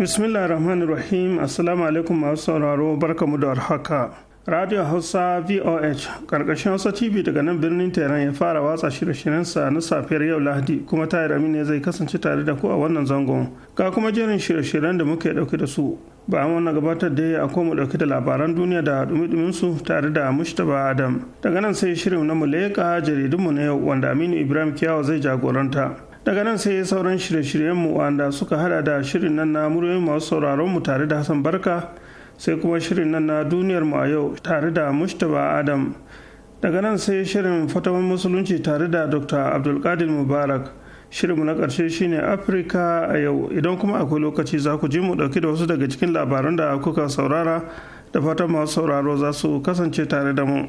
bismillah rahman rahim assalamu alaikum masu sauraro barkamu da warhaka radio hausa voh karkashin hausa tv daga nan birnin tehran ya fara watsa shirye-shiryensa na safiyar yau lahadi kuma tayar ne zai kasance tare da ku a wannan zangon ga kuma jerin shirye-shiryen da muke dauke da su ba wannan gabatar da akwai mu dauke da labaran duniya da dumi dumin su tare da mushtaba adam daga nan sai shirin na mu leƙa jaridunmu na yau wanda aminu ibrahim kiyawa zai jagoranta daga nan sai sauran shirye-shiryenmu wanda suka hada da shirin nan na muryoyin masu sauraron mu tare da hassan barka sai kuma shirin nan na duniyar mu a yau tare da mustapha adam daga nan sai shirin fatawan musulunci tare da dr abdulkadir mubarak Shirin mu na karshe shine afirka a yau idan kuma akwai lokaci za ku ji mu ɗauki da wasu daga cikin labaran da kuka saurara da fatan masu sauraro za su kasance tare da mu.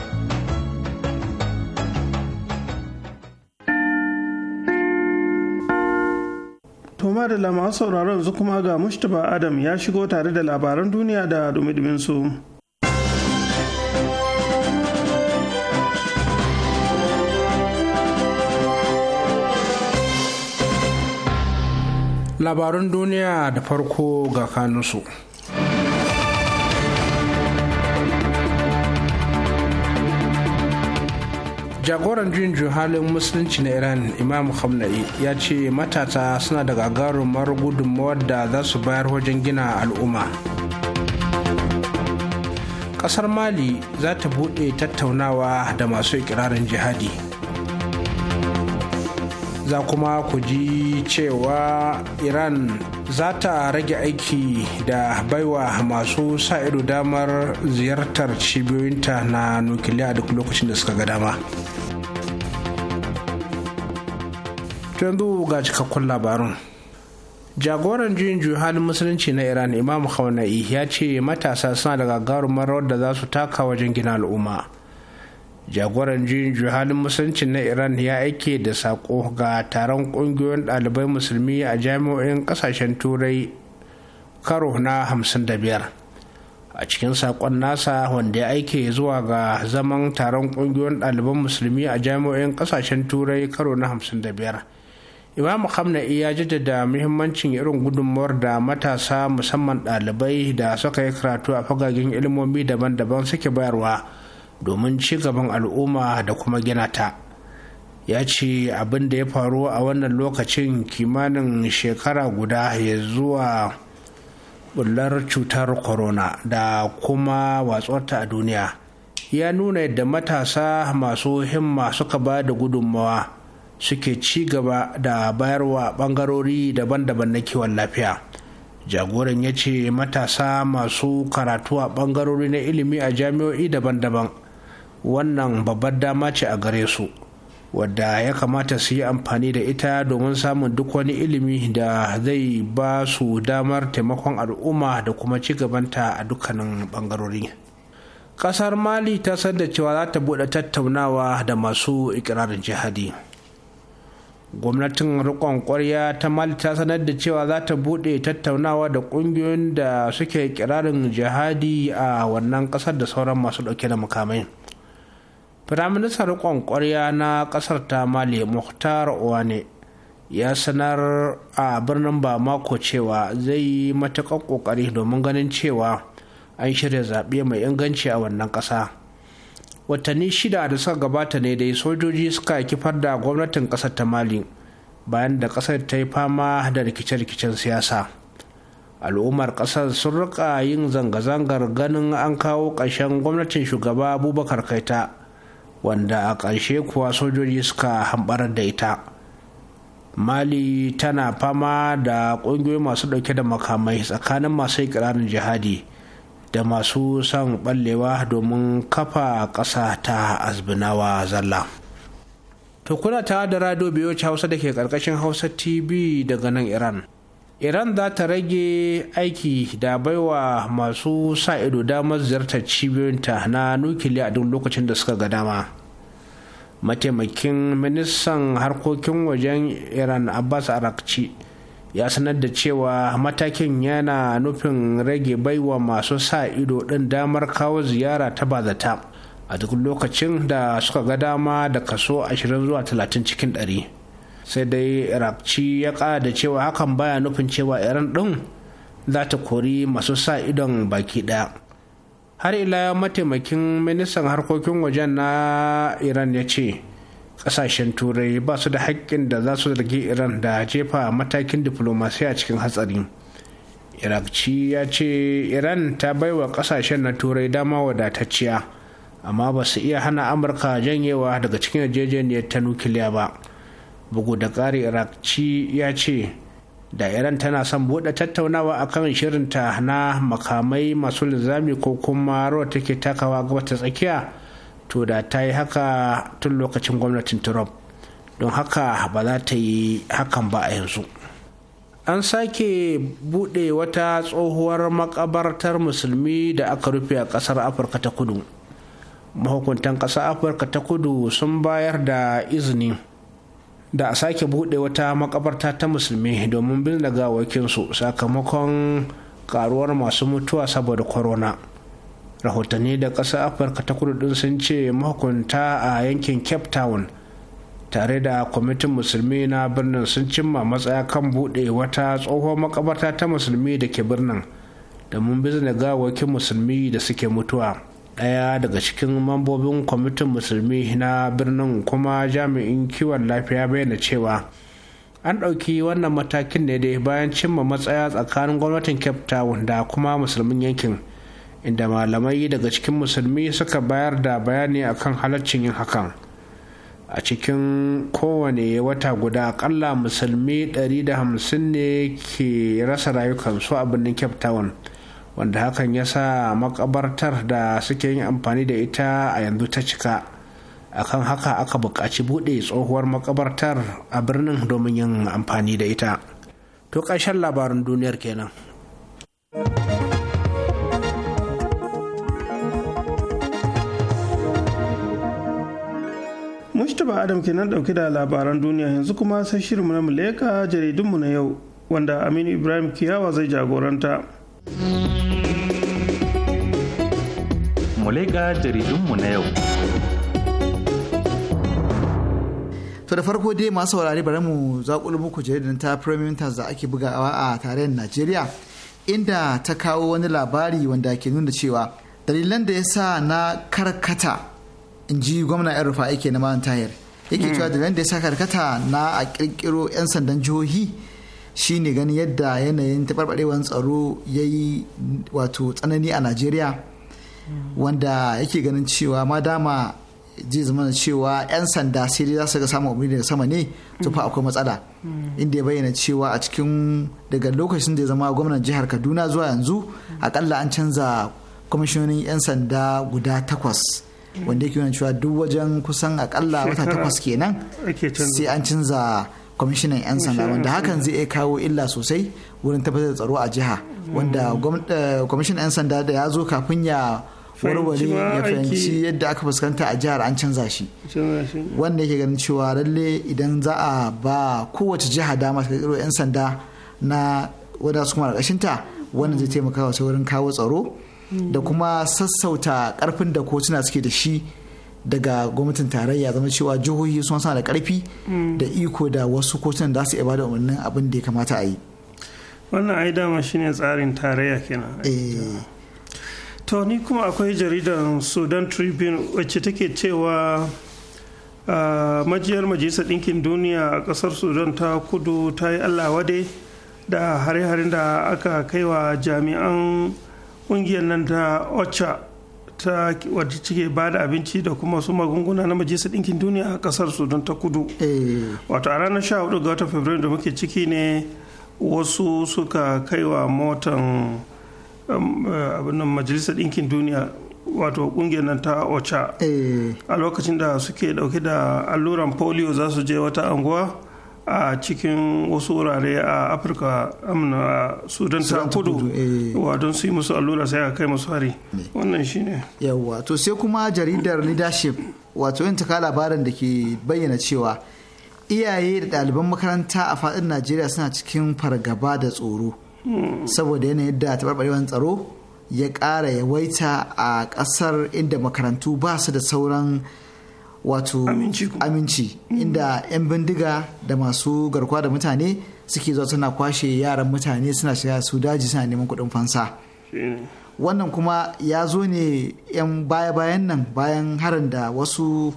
ma da lama sauraron yanzu kuma ga Mustapha Adam ya shigo tare da labaran duniya da dumi su. Labaran duniya da farko ga kanunsu. jagoran juyin halin musulunci na iran imam khamenei ya ce matata suna da gagarumar gudunmawar da za su bayar wajen gina al'umma kasar mali za ta buɗe tattaunawa da masu ikirarin jihadi za kuma ku ji cewa iran za ta rage aiki da baiwa masu sa ido damar ziyartar cibiyoyinta na nukiliya a duk lokacin da suka ga dama yanzu ga cikakkun labarun jagoran juyin juyin halin musulunci na iran imam khawana'i ya ce matasa suna da gagarumar da za su taka wajen gina al'umma jagoran juyin halin musulunci na iran ya aike da sako ga taron kungiyoyin dalibai musulmi a jami'o'in kasashen turai karo na 55 a cikin sakon nasa wanda ya aike zuwa ga zaman taron kungiyoyin ɗaliban musulmi a jami'o'in kasashen turai karo na 55 imamu hamna'i ya jaddada muhimmancin irin gudunmawar da matasa musamman dalibai da suka yi karatu a fagagen ilimomi daban-daban suke bayarwa domin ci gaban al'umma da kuma gina ta ya ce abin da ya faru a wannan lokacin kimanin shekara guda ya zuwa bullar cutar corona da kuma watsuwarta a duniya ya nuna yadda matasa masu himma suka ba da gudunmawa suke ci gaba da bayarwa bangarori daban-daban na kiwon lafiya jagoran ya ce matasa masu karatu a bangarori na ilimi a jami'o'i daban-daban wannan babbar dama ce a gare su wadda ya kamata su yi amfani da ita domin samun duk wani ilimi da zai ba su damar taimakon al'umma da kuma ci gabanta a dukkanin bangarori kasar mali ta san da cewa za ta buɗe tattaunawa da masu ikirarin jihadi gwamnatin rikon kwarya ta mali ta sanar da cewa za ta buɗe tattaunawa da ƙungiyoyin da suke ikirarin jihadi a wannan ƙasar da sauran masu ɗauke da mukamai firaministan riƙon ƙwarya na ƙasar ta mali muhtar owane ya sanar a birnin bamako cewa zai yi matuƙar ƙoƙari domin ganin cewa an shirya zaɓe mai inganci a wannan ƙasa watanni shida da suka gabata ne dai sojoji suka kifar da gwamnatin ƙasar ta mali bayan da ƙasar ta yi fama da rikice-rikicen siyasa al'ummar ƙasar sun riƙa yin zanga-zangar ganin an kawo ƙarshen gwamnatin shugaba abubakar kaita wanda a ƙarshe kuwa sojoji suka hambar da ita mali tana fama da ƙungiyoyi masu ɗauke da makamai tsakanin masu ƙiranin jihadi da masu son ɓallewa domin kafa ƙasa ta azbinawa zalla tukuna ta da rado biyoci hausa da ke ƙarƙashin hausa tv daga nan iran iran za ta rage aiki da baiwa masu sa ido damar ziyartar cibiyoyinta na nukiliya a duk lokacin da suka ga dama mataimakin ministan harkokin wajen iran abbas arakci ya sanar da cewa matakin yana nufin rage baiwa masu sa ido din damar kawo ziyara ta bazata a duk lokacin da suka ga dama da kaso 20 zuwa 30 cikin ɗari. sai dai rapci ya kara da cewa hakan baya nufin cewa iran din za ta kori masu sa idon baki daya. har ila mataimakin ministan harkokin wajen na iran ya ce kasashen turai ba su da haƙƙin da za su zargi iran da jefa matakin diflomasiya cikin hatsari irakci ya ce iran ta baiwa kasashen na turai dama wadatacciya amma ba su iya hana amurka janyewa daga cikin yarjejeniyar ta nukiliya ba bugu da ƙari rakci ya ce da iran tana son buɗe tattaunawa akan shirinta na makamai masu linzami ko kuma rawar take takawa gaba ta tsakiya to da ta yi haka tun lokacin gwamnatin trump don haka ba za ta yi hakan ba a yanzu an sake buɗe wata tsohuwar makabartar musulmi da aka rufe a ƙasar afirka ta kudu mahukuntan ƙasar afirka ta kudu sun bayar da izini da a sake buɗe wata makabarta ta musulmi domin bin da gawakinsu sakamakon karuwar masu mutuwa saboda corona rahotanni da ƙasar afirka ta kudu din sun ce mahukunta a yankin cape town tare da kwamitin musulmi na birnin sun cimma matsaya kan buɗe wata tsohon makabarta ta musulmi da ke birnin domin bin da gawakin musulmi da suke mutuwa ɗaya daga cikin mambobin kwamitin musulmi na birnin kuma jami'in kiwon lafiya bayyana cewa an ɗauki wannan matakin ne dai bayan cimma matsaya tsakanin gwamnatin cape town da kuma musulmin yankin inda malamai daga cikin musulmi suka bayar da bayani akan halaccin yin hakan a cikin kowane wata guda akalla musulmi 150 ne ke rasa rayukansu a birnin cape town wanda hakan ya sa makabartar da suke yin amfani da ita a yanzu ta cika akan haka aka buƙaci buɗe tsohuwar makabartar a birnin domin yin amfani da ita to ƙarshen labarin duniyar kenan Mustapha Adam kenan dauke da labaran duniya yanzu kuma sai shirinmu na muleka jaridunmu na yau wanda Aminu Ibrahim Kiyawa zai jagoranta. Mulega jaridunmu na yau. To da farko dai masu saurari bari mu zaƙulu muku jaridun ta Premier Times da ake bugawa a tarayyar Najeriya inda ta kawo wani labari wanda ke nuna cewa dalilan da ya sa na karkata in ji gwamna yan rufa ke na malam tahir yake cewa hmm. dalilan da ya sa karkata na a kirkiro 'yan sandan jihohi shine ganin yadda yanayin taɓarɓarewar tsaro ya yi wato tsanani a Najeriya wanda yake ganin cewa ma dama zai zama cewa 'yan sanda sai dai za su ga samun umarni daga sama ne to fa akwai matsala inda ya bayyana cewa a cikin daga lokacin da ya zama gwamnan jihar kaduna zuwa yanzu akalla an canza kwamishinin 'yan sanda guda takwas wanda yake nuna cewa duk wajen kusan akalla wata takwas kenan sai an canza kwamishinan 'yan sanda wanda hakan zai iya kawo illa sosai wurin tabbatar da tsaro a jiha wanda hmm. eh, kwamishinan 'yan sanda da ya zo kafin ya warware ya fahimci yadda aka fuskanta a jihar an canza shi wanda yake ganin cewa lalle idan za a ba kowace jiha dama ta kiro 'yan sanda na wadda su kuma ta wannan zai taimaka wa wurin kawo tsaro hmm. da kuma sassauta karfin da kotuna suke da shi daga gwamnatin tarayya zama cewa jihohi sun sa da karfi mm. da iko da wasu kotunan da su ibada umarnin abin da ya kamata a yi wannan ai dama shine tsarin tarayya kenan eh. to ni kuma akwai jaridar sudan tribune wacce take cewa majiyar majalisar ɗinkin duniya a ƙasar sudan ta kudu ta yi allah wade da hare-haren da aka kaiwa jami'an ƙungiyar nan ta ocha ta wacce cike ba da abinci da kuma su magunguna na majalisar ɗinkin duniya a ƙasar su don ta kudu eh. wato a ranar 14 ga watan fabrairu da muke ciki ne wasu suka kaiwa motan um, eh, abin majalisar ɗinkin duniya wato kungiyar nan ta ocha eh. a lokacin da suke dauke da alluran polio za su je wata anguwa a cikin wasu wurare a afirka a sudan ta kudu eh. wa don su yi musu allura sai a kai musu hari wannan shine yawwa to sai kuma jaridar leadership wato yin taka labarin da ke bayyana cewa iyaye da ɗaliban makaranta a faɗin najeriya suna cikin fargaba da tsoro hmm. saboda yanayin da taɓarɓarewar tsaro ya ƙara yawaita a ƙasar inda makarantu ba su da sauran wato aminci mm. inda 'yan bindiga da masu garkuwa da mutane suke zuwa suna kwashe yaran mutane suna shiga su daji suna neman kuɗin fansa wannan kuma ya zo ne 'yan baya-bayan nan bayan harin da wasu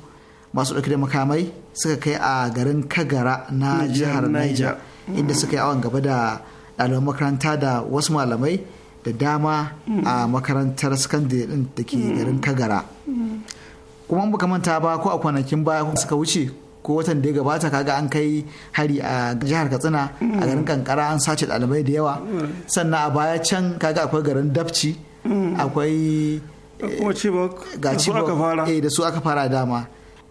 masu ɗauki da makamai suka kai a garin kagara na jihar niger inda suka yi awon gaba da ɗaliban makaranta da wasu malamai da dama mm. a makarantar sakandare da ke mm. garin kagara kuma baka manta ba ko a kwanakin baya ko suka wuce ko watan da ya gabata kaga an kai hari a jihar katsina a garin kankara an sace ɗalibai da yawa sannan a baya can kaga akwai garin dabci akwai eh, ga cibok eh, da su aka fara dama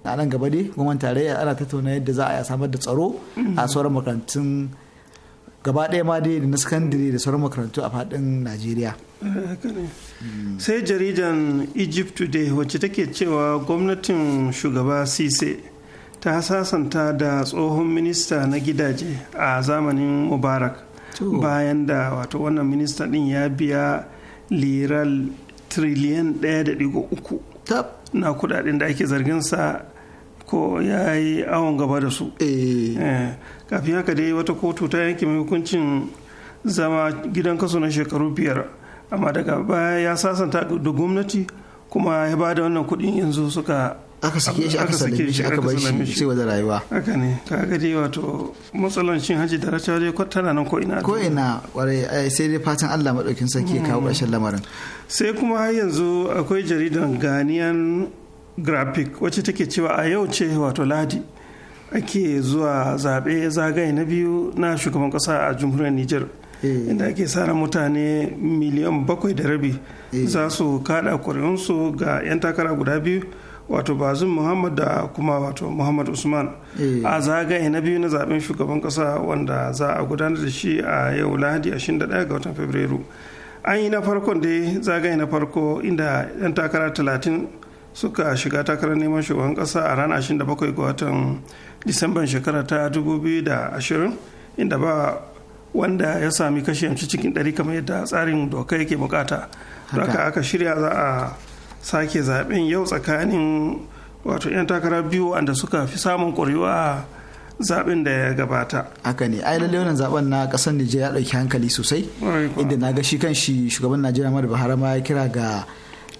a nan gaba dai goma tarayya ana tattauna yadda za a samar da tsaro a sauran makarantun gaba ɗaya ma dai da na sakandare da sauran makarantu a faɗin najeriya sai jaridan egypt today wacce take cewa gwamnatin shugaba sise ta sasanta da tsohon minista na gidaje a zamanin mubarak bayan da wato wannan minista din ya biya liral triliyan 1.3 na kudaden da ake zarginsa ko ya yi awon gaba da su eh. Eh. kafin haka dai wata kotu ta yanke mai hukuncin zama gidan kaso na shekaru biyar amma daga baya ya sasanta da gwamnati kuma ya ba da wannan kuɗin yanzu suka aka sake shi aka sake shi aka bar shi sai wajen rayuwa haka ne ga dai wato matsalan cin haji da racha dai ko tana nan ko ina ko ina kwarai sai dai fatan Allah madaukin sarki kawo mm. ƙarshen lamarin sai kuma har yanzu akwai jaridan Ghanaian graphic wacce take cewa a yau ce wato Ladi ake zuwa zaɓe zagaye na biyu na shugaban ƙasa a jamhuriyar Nijar. Eh. inda ake sara mutane miliyan bakwai da rabi eh. za su kada kuri'unsu ga 'yan takara guda biyu wato bazin muhammad da kuma wato muhammad usman eh. a zagaye na biyu na zaben shugaban kasa wanda za a gudanar da shi a yau lahadi 21 ga watan fabrairu an yi na farkon dai zagaye na farko inda 'yan takara 30 suka shiga takarar neman shugaban kasa a ranar 27 ga watan disamban shekara ta 2020 inda ba wanda ya sami kashi cikin ɗari kamar yadda tsarin doka yake bukata haka aka shirya za a sake zaben yau tsakanin wato 'yan takara biyu wanda suka fi samun a zaben da ya gabata. Haka ne, ai lalle wannan zaben na kasar Nijar ya ɗauki hankali sosai. Inda na ga shi kan shi shugaban Najeriya Muhammadu Buhari ma ya kira ga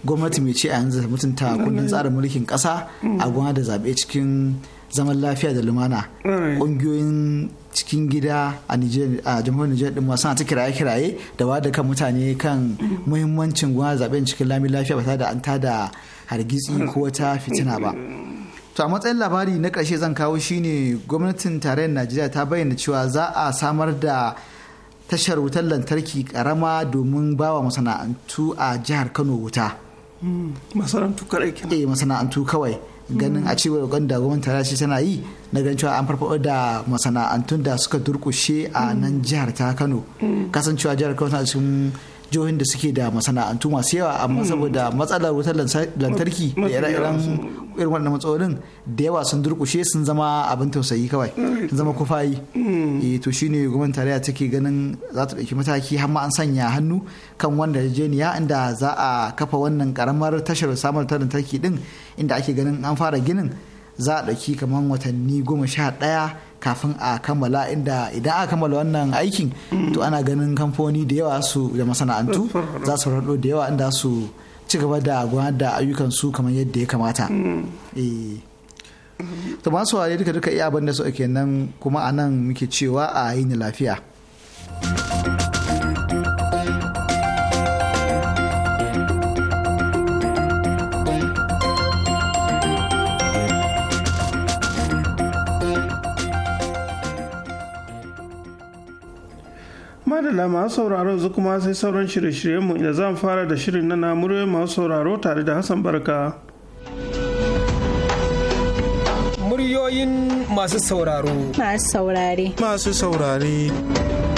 gwamnati mai ce a yanzu ta mutunta kundin tsarin mulkin ƙasa a gwamnati da zaɓe cikin zaman lafiya da lumana. Ƙungiyoyin cikin gida a jamhuriyar Nijar din ma suna ta kiraye-kiraye da wada kan mutane kan muhimmancin gwa zaben cikin lami lafiya ba da an tada hargitsi ko wata fitina ba. To a matsayin labari na ƙarshe zan kawo shine gwamnatin tarayyar Najeriya ta bayyana cewa za a samar da tashar wutar lantarki karama domin bawa masana'antu a jihar Kano wuta. Hmm, eh, masana'antu kawai. ganin a cewar kan da gwamnati shi tana yi na ganin cewa an farfaɗo da masana'antun da suka durkushe a nan jihar ta kano mm. kasancewa jihar kano tana cikin jihohin da suke da masana'antu masu yawa amma hmm. saboda matsalar wutar lantarki da ire-iren irin wannan matsalolin da yawa sun durkushe sun zama abin tausayi kawai hmm. sun zama kufayi hmm. eh to shine gwamnatin tarayya take ganin za ta dauki mataki har ma an sanya hannu kan wanda yarjejeniya inda za a kafa wannan karamar tashar samar ta lantarki din inda ake ganin an fara ginin za a dauki kamar watanni goma sha ɗaya kafin a kammala inda idan aka kammala wannan aikin to ana ganin kamfani da yawa su da masana'antu za su rado da yawa inda su ci gaba da gudanar da ayyukan su kamar yadda ya kamata eh. to ba su duka duka iya abin da su ake nan kuma a nan muke cewa a yi ni lafiya. madalla masu sauraron zu kuma sai sauran shirye-shiryenmu inda zan fara da shirin na namuriyoyin masu sauraro tare da hassan barka muryoyin masu sauraro masu saurare masu saurare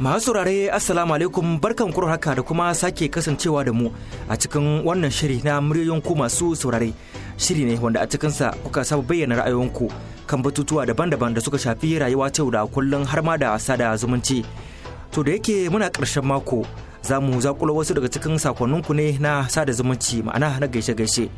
Masu saurare Assalamu alaikum barkan kuro haka da kuma sake kasancewa da mu a cikin wannan shiri na muryoyin masu saurare. Shiri ne wanda a cikinsa kuka saba bayyana ra'ayoyinku kan batutuwa daban-daban da suka shafi rayuwa ta da kullum har ma da sada zumunci. To da yake muna karshen mako za mu wasu daga cikin sakonninku ne na sada zumunci ma'ana na gaishe-gaishe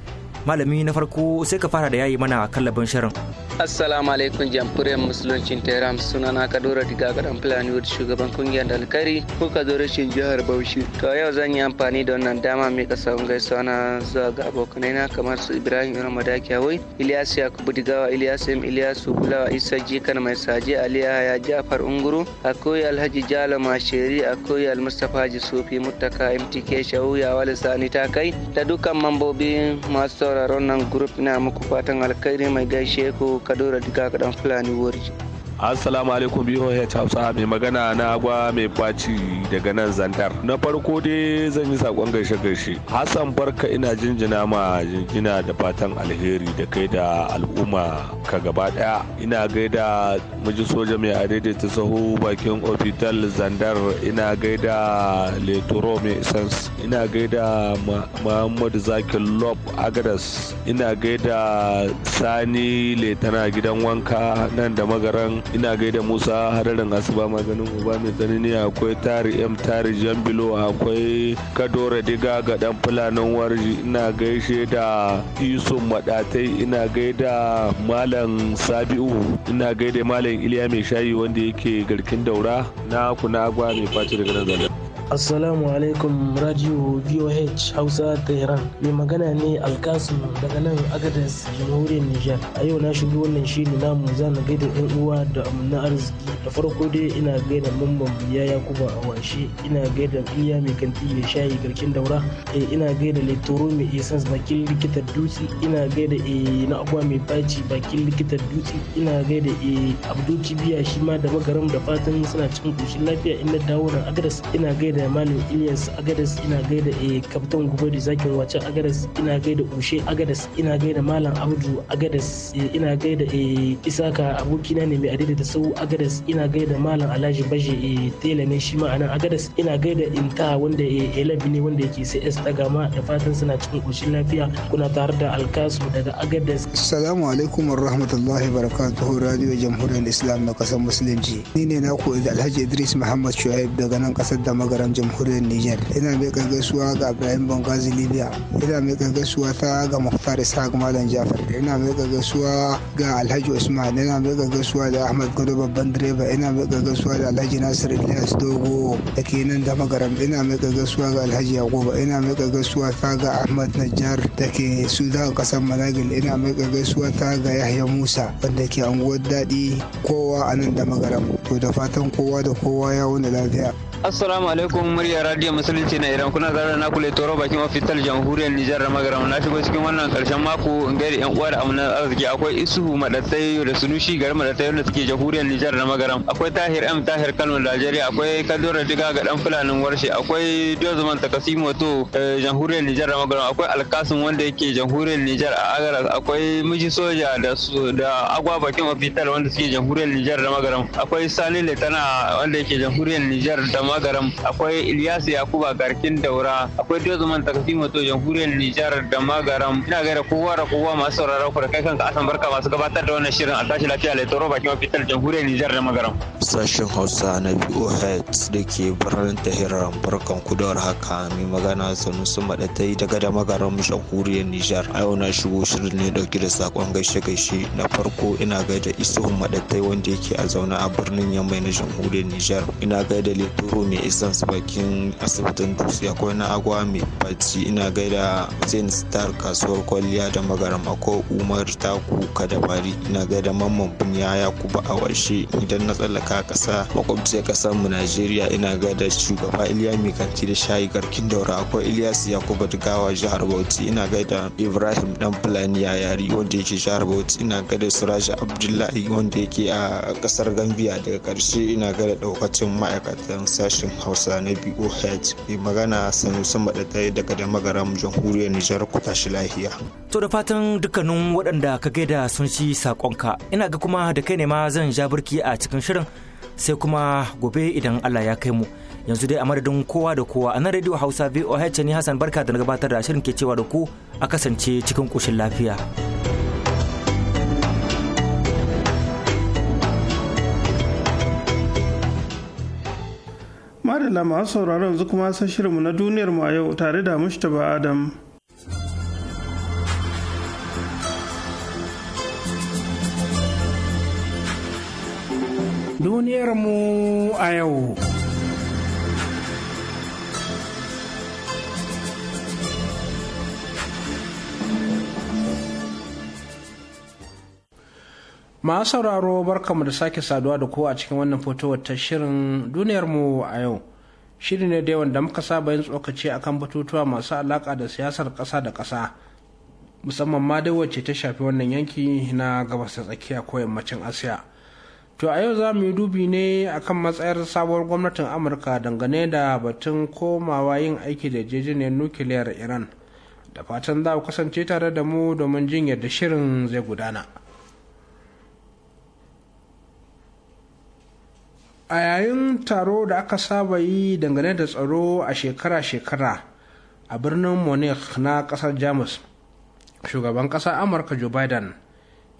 malami na farko sai ka fara da yayi mana kallabin shirin. Assalamu alaikum jamhuriyar musuluncin Tehran sunana Kadura Diga Gadan planwood shugaban kungiyar Dalkari kuka zo rashin jihar Bauchi. To yau zan yi amfani da wannan dama mai kasa gaisuwa na zuwa ga abokanai na kamar su Ibrahim Iran Madakiyawai, Ilyasu Yakubu Digawa, Ilyasu M Ilyasu Bulawa Isa Jikan Mai Saje Ali Yahaya Jafar Unguru, akwai Alhaji Jalo Masheri, akwai Almustapha Haji sufi mutaka mtk shauya wale sani ta kai da dukkan mambobi masu sauraron nan grup na muku fatan alkhairi mai gaishe ku kadura diga kadan fulani wuri. assalamu alaikum BOH Hausa mai magana na agwa mai kwaci daga nan zandar. na farko dai zan yi saƙon gaishe gaishe Hassan barka ina jinjina ma jinjina da fatan alheri da kai da al'umma ka gaba ɗaya. ina gaida miji soja mai ta saho bakin ofital zandar ina gaida leturo mai isans ina gaida muhammadu zakin lob agadas ina gaida sani letana gidan wanka nan da magaran ina gaida musa hararin asuba maganin uba mai tsanani akwai tari m tari bilo akwai kadora diga ga dan fulanin warji ina gaishe da yusuf madatai ina gaida malam sabi'u ina gaida malam iliya mai shayi wanda yake garkin daura na kuna agwa mai faci daga nan Assalamu alaikum Radio VOH Hausa Tehran. Mai magana ne Alkasum daga nan Agadez Jamhuriyar Nijar. A yau na shigo wannan ne namu zana gaida yan uwa da amina arziki. Da farko dai ina gaida mamman ya Yakuba a washe, ina gaida iya mai kanti mai shayi garkin daura, eh, ina gaida Letoro mai essence bakin likitar dutse, ina gaida e na abuwa mai baci bakin likitar dutse, ina gaida e Abdul shi ma da magaram da fatan suna cikin koshin lafiya ina dawo na Agadez, ina gaida Suleiman Ilyas Agadas ina gaida e eh, Kaftan Gubadi Zakin Wace Agadas ina gaida Ushe Agadas ina gaida Malam Abdu Agadas eh, ina gaida e Isaka abokina ne mai adida da sau Agadas ina gaida Malam Alhaji Baje e Tela ne shi ma'ana Agadas ina gaida Inta wanda e Elabi ne wanda yake sai S Tagama da fatan suna cikin koshin lafiya kuna tare da Alkasu daga Agadas. Assalamu alaikum wa rahmatullahi wa barakatuhu Radio Jamhuriyar Islam na kasar Musulunci. Ni ne naku Alhaji Idris Muhammad Shuaib daga nan kasar da Magara magaran jamhuriyar niger ina mai gaisuwa ga ibrahim bangazi libya ina mai gaisuwa ta ga muhtar ishaq malam jafar ina mai gaisuwa ga alhaji usman ina mai gaisuwa da ahmad gado babban direba ina mai gaisuwa da alhaji nasir ilyas dogo da ke nan da magaran ina mai gaisuwa ga alhaji yakuba ina mai gaisuwa ta ga ahmad najjar da ke su daga kasar managil ina mai gaisuwa ta ga yahya musa wanda ke anguwar daɗi kowa a nan da magaran to da fatan kowa da kowa ya wani lafiya Assalamu alaikum murya radio musulunci na Iran kuna zarar na kule toro bakin ofital jamhuriyar Nijar da Magaram na shigo cikin wannan karshen mako in gaida yan uwa da amna arziki akwai Isuhu Madatsai da Sunushi garin Madatsai da suke jamhuriyar Nijar da Magaram akwai Tahir M Tahir Kano Najeriya akwai Kadura Diga ga dan Fulanin Warshe akwai Dozman Takasimo to eh, jamhuriyar Nijar da Magaram akwai Alkasim wanda yake jamhuriyar Nijar a Agaras akwai Miji Soja da su da Agwa bakin ofital wanda suke jamhuriyar Nijar da Magaram akwai Sani Letana wanda yake jamhuriyar Nijar da magaram akwai Ilyasu Yakuba Garkin Daura akwai dozman Takasimu to jamhuriyar Nijar da magaram ina da kowa da kowa masu sauraron ku da kai kanka asan barka masu gabatar da wannan shirin tashi lafiya lai tsoro bakin ofitar jamhuriyar Nijar da magaram. Sashen Hausa na BOH da ke birnin Tehran barkan ku da haka mai magana ta yi daga da magaram jamhuriyar Nijar a yau na shigo shirin ne dauke da sakon gaishe gaishe na farko ina gaida Isuhu Madatai wanda yake a zaune a birnin Yamai na jamhuriyar Nijar ina gaida Leturo ne mai su bakin asibitin dutse akwai na agwa mai bacci ina gaida hussein star kasuwar kwalliya da magaram akwai umar taku kadabari ina gaida mamman bunya ya kuba a washe idan na tsallaka kasa makwabciyar kasar mu najeriya ina gaida shugaba iliya mai kanti da shayi garkin daura akwai ilyas yakuba dugawa jihar bauchi ina gaida ibrahim dan fulani yari wanda yake jihar bauchi ina gaida suraja abdullahi wanda yake a kasar gambiya daga karshe ina gaida daukacin ma'aikatan sashi sashen hausa na boh mai magana sanusi maɗaɗai daga da magaram jamhuriyar nijar ku tashi lahiya to da fatan dukkanin waɗanda ka gaida sun ci saƙonka ina ga kuma da kai ne ma zan ja birki a cikin shirin sai kuma gobe idan allah ya kai mu yanzu dai a madadin kowa da kowa a nan radio hausa voh ne hassan barka da na gabatar da shirin ke cewa da ku a kasance cikin ƙoshin lafiya. Tuma da lama sauraron yanzu kuma san shirinmu na duniyar mu a yau tare da Mushtaba Adam. Duniyar mu a yau. masu sauraro barkamu da sake saduwa da kowa a cikin wannan fitowar ta shirin duniyarmu a yau shiri ne da wanda muka saba yin tsokaci akan batutuwa masu alaka da siyasar ƙasa da ƙasa musamman ma dai wacce ta shafi wannan yanki na gabas ta tsakiya ko yammacin asiya to a yau za mu yi dubi ne akan matsayar sabuwar gwamnatin amurka dangane da batun komawa yin aiki da jejeniyar nukiliyar iran da fatan za ku kasance tare da mu domin jin yadda shirin zai gudana. a yayin taro da aka saba yi dangane da tsaro a shekara-shekara a birnin munich na kasar jamus shugaban ƙasar amurka joe biden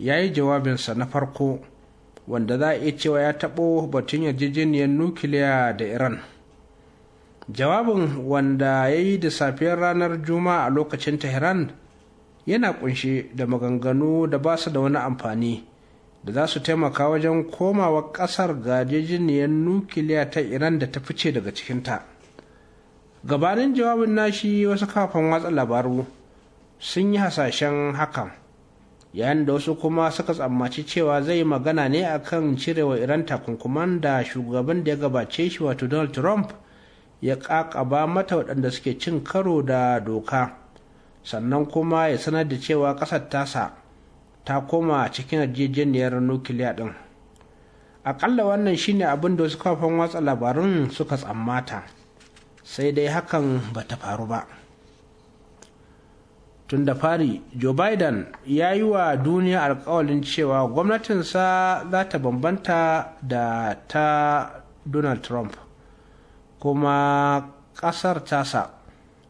ya yi jawabinsa na farko wanda za a iya cewa ya taɓo batun yarjejeniyar nukiliya da iran jawabin wanda ya yi da safiyar ranar juma'a a lokacin tehran yana kunshe da maganganu da ba su da wani amfani da za su taimaka wajen komawa kasar gajejiniyar nukiliya ta iran da ta fice daga cikinta gabanin jawabin nashi wasu kafin watsa labaru sun yi hasashen hakan yayin da wasu kuma suka tsammaci cewa zai magana ne akan cirewa iran takunkuman da shugaban da ya gabace shi wato donald trump ya kakaba mata waɗanda suke cin karo da doka sannan kuma ya sanar da cewa ƙasar tasa ta koma cikin yarjejeniyar nukiliya din akalla wannan shine abin da wasu kafin watsa labarun suka tsammata sai dai hakan ba ta faru ba tun da fari joe biden ya yi wa duniya alkawalin cewa gwamnatinsa za ta bambanta da ta donald trump kuma kasar tasa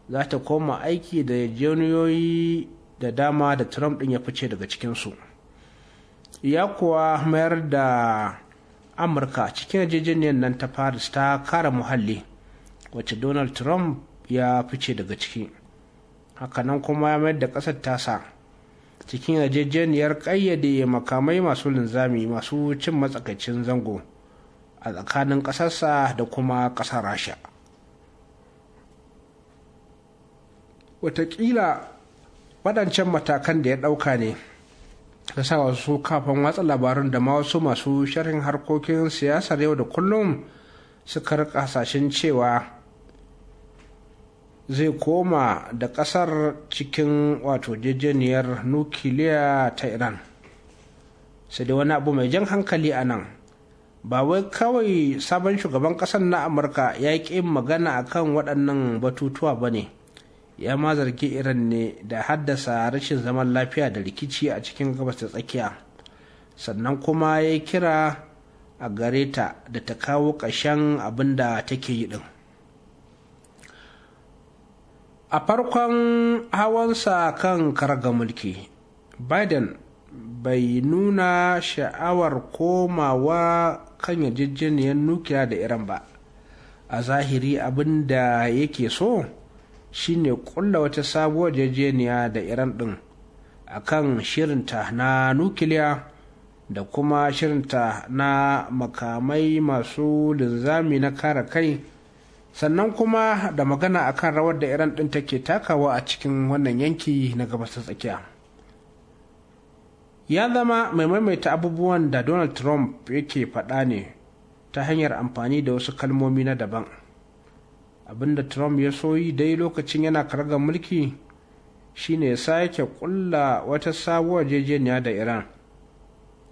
za ta koma aiki da yajeniyoyi da dama da trump ɗin ya fice daga cikinsu ya kuwa mayar da amurka cikin yarjejeniyar nan ta paris ta kara muhalli wacce donald trump ya fice daga ciki hakanan kuma ya mayar da ƙasar tasa cikin yarjejeniyar ƙayyade makamai masu linzami masu cin matsakaicin zango a tsakanin ƙasarsa da kuma ƙasar rasha watakila waɗancan matakan da ya ɗauka ne ya sa wasu kafin watsa labarun da ma wasu masu sharhin harkokin siyasar yau da kullum suka rika hasashen cewa zai koma da ƙasar cikin wato jejeniyar nukiliya ta iran sai dai wani abu mai jan hankali a nan ba wai kawai sabon shugaban ƙasar na amurka ya ƙi magana akan waɗannan batutuwa ba ne ya ma zargi iran ne da haddasa rashin zaman lafiya da rikici a cikin gabas da tsakiya sannan kuma ya kira a gare ta da ta kawo ƙashen abin da take yi din a farkon hawansa kan karga mulki biden bai nuna sha'awar komawa kan yarjejeniyar nukiliya da iran ba a zahiri abin da yake so shine kulla wata sabuwar jejeniya da iran din kan shirinta na nukiliya da kuma shirinta na makamai masu linzami na kare kai sannan kuma da magana akan rawar da iran din take takawa a cikin wannan yanki na gabas tsakiya ya zama mai maimaita abubuwan da donald trump yake faɗa ne ta hanyar amfani da wasu kalmomi na daban abinda trump ya soyi dai lokacin yana kargar mulki shine ya sake kulla wata sabuwar jejeniya da iran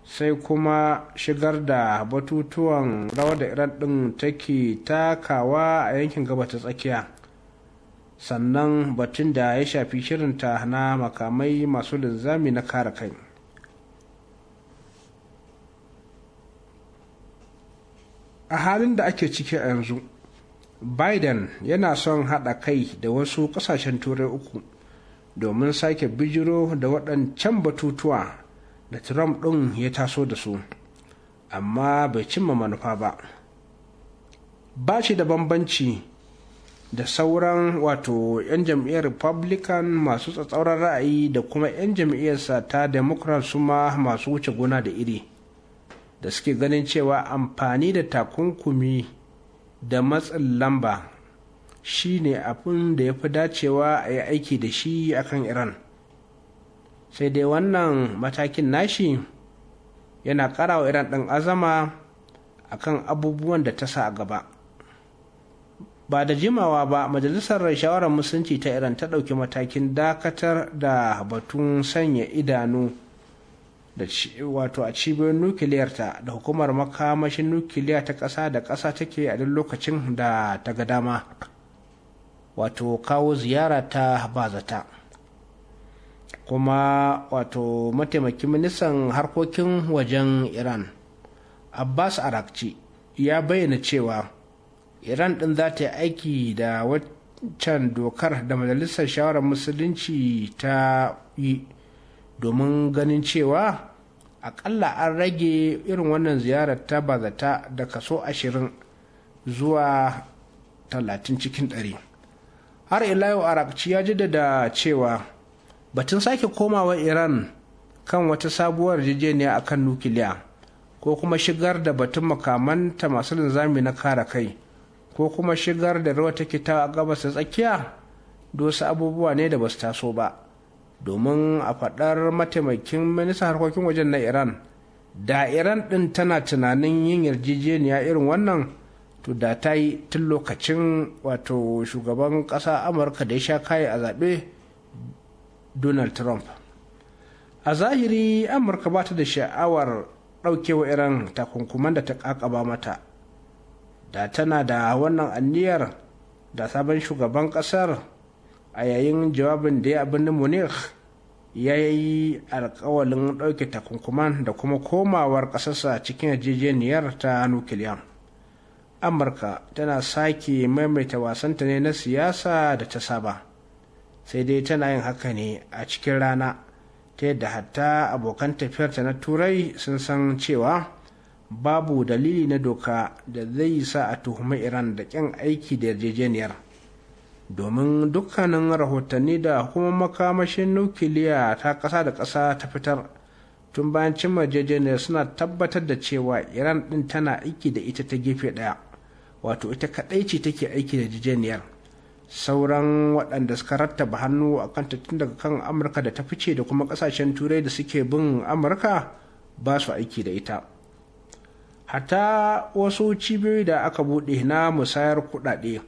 sai kuma shigar da batutuwan rawar da iran din take takawa a yankin gaba ta tsakiya sannan batun da ya shafi shirinta na makamai masu linzami na kare kai a halin da ake ciki a yanzu biden yana son haɗa kai da wasu ƙasashen turai uku domin sake bijiro da waɗancan batutuwa da trump ɗin ya taso da su amma bai cimma manufa ba ba shi da bambanci da sauran wato 'yan jam'iyyar republican masu tsatsauran ra'ayi da kuma 'yan jam'iyyarsa ta democrat suma masu wuce gona da iri da suke ganin cewa amfani da takunkumi da matsin lamba shi ne abin da ya fi dacewa a yi aiki da shi akan iran sai dai wannan matakin nashi yana karawa iran ɗin azama akan abubuwan da ta sa a gaba ba da jimawa ba majalisar shawarar musulunci ta iran ta ɗauki matakin dakatar da batun sanya idanu da wato a cibiyoyin ta da hukumar makamashin nukiliya ta ƙasa da ƙasa take a duk lokacin da ta ga dama wato kawo ziyara ta bazata kuma wato mataimakin ministan harkokin wajen iran abbas arakci ya bayyana cewa iran ɗin za ta yi aiki da waccan dokar da majalisar shawarar musulunci ta yi domin ganin cewa akalla an rage irin wannan ziyarar ta bazata da kaso ashirin zuwa talatin cikin ɗari har ila yau arakci ya jaddada cewa batun sake komawa iran kan wata sabuwar jijeniya akan nukiliya ko kuma shigar da batun makamanta masu linzami na kara kai ko kuma shigar da rawa take ta gabas da tsakiya dosa abubuwa ne da basu taso ba domin a faɗar mataimakin ministan harkokin wajen na iran da iran ɗin tana tunanin yin yarjejeniya irin wannan to da ta yi tun lokacin wato shugaban ƙasa amurka da ya sha kayi a zaɓe donald trump a zahiri amurka ba ta da sha'awar ɗaukewa iran takunkuman da ta ƙaƙaba mata da tana da wannan anniyar da sabon shugaban ƙasar a yayin jawabin da ya da munich ya yi alkawalin ɗauke takunkuman da kuma komawar ƙasarsa cikin yarjejeniyar ta nukiliya amurka tana sake maimaita wasanta ne na siyasa da ta saba sai dai tana yin haka ne a cikin rana ta yadda hatta abokan tafiyarta na turai sun san cewa babu dalili na doka da zai sa a tuhumi iran da ƙin aiki da yarjejeniyar domin dukkanin rahotanni da kuma makamashin nukiliya ta ƙasa da ƙasa ta fitar tun bayan cin yarjejeniyar suna tabbatar da cewa iran ɗin tana aiki da ita ta gefe ɗaya wato ita kaɗai ce take aiki da jejeniyar sauran waɗanda suka rattaba hannu a kanta tun daga kan amurka da ta fice da kuma ƙasashen turai da suke bin amurka ba su aiki da ita hatta wasu cibiyoyi da aka buɗe na musayar kuɗaɗe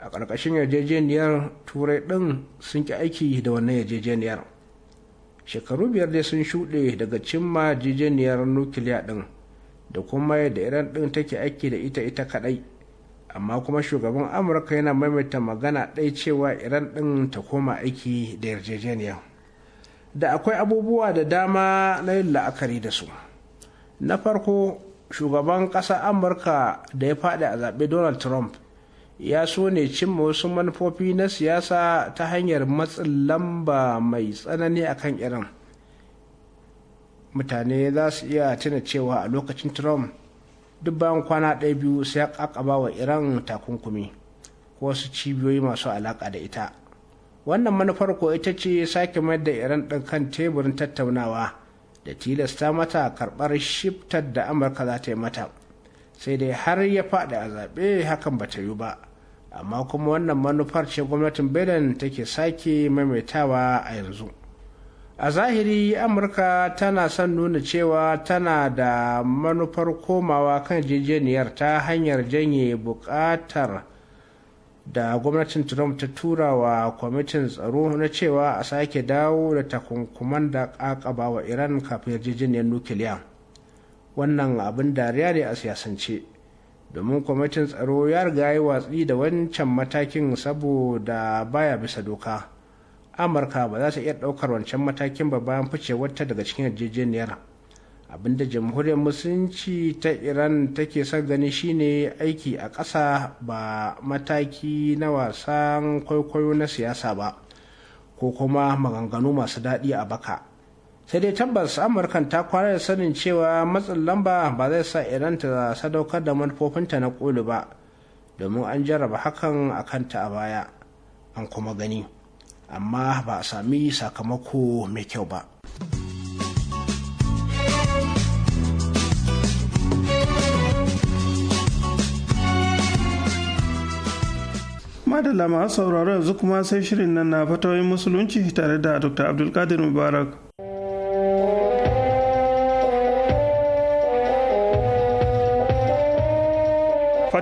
a ƙarƙashin yarjejeniyar turai ɗin sun ki aiki da wannan yarjejeniyar shekaru biyar dai sun shuɗe daga cimma yarjejeniyar nukiliya ɗin da kuma yadda iran ɗin take aiki da ita ita kaɗai amma kuma shugaban amurka yana maimaita magana ɗai cewa iran ɗin ta koma aiki da yarjejeniyar da akwai abubuwa da dama na yin la'akari da su na farko shugaban ƙasa amurka da ya faɗi a zaɓe donald trump ya so ne cimma wasu manufofi na siyasa ta hanyar matsin lamba mai tsanani a kan iran mutane za su iya tuna cewa a lokacin trump duk bayan kwana ɗaya biyu sai ƙaba wa iran takunkumi ko wasu cibiyoyi masu alaƙa da ita wannan manufar ko ita ce sake mayar da iran ɗin kan teburin tattaunawa da tilasta mata karɓar shiftar da amurka za ta yi mata sai dai har ya faɗi a zaɓe hakan ba ta yi ba amma kuma wannan manufar ce gwamnatin ta take sake maimaitawa a yanzu a zahiri amurka tana son nuna cewa tana da manufar komawa kan jejeniyar ta hanyar janye buƙatar da gwamnatin trump ta tura wa kwamitin tsaro na cewa a sake dawo da takunkuman da kakaba wa iran kafin yarjejeniyar nukiliya wannan abin dariya ne a siyasance domin kwamitin tsaro ya riga yi watsi da wancan matakin saboda baya bisa doka amurka ba za ta iya ɗaukar wancan matakin ba bayan ficewarta daga cikin yarjejeniyar abinda jamhuriyar musulunci ta iran take son gani shine aiki a ƙasa ba mataki na wasan kwaikwayo na siyasa ba ko kuma maganganu masu daɗi a baka sai dai tabbas amurkan ta kwana da sanin cewa matsin lamba ba zai sa iran ta sadaukar da manufofinta na koli ba domin an jarraba hakan a kanta a baya an kuma gani amma ba a sami sakamako mai kyau ba madalla masu sauraro yanzu kuma sai shirin nan na fatawoyin musulunci tare da dr abdulkadir mubarak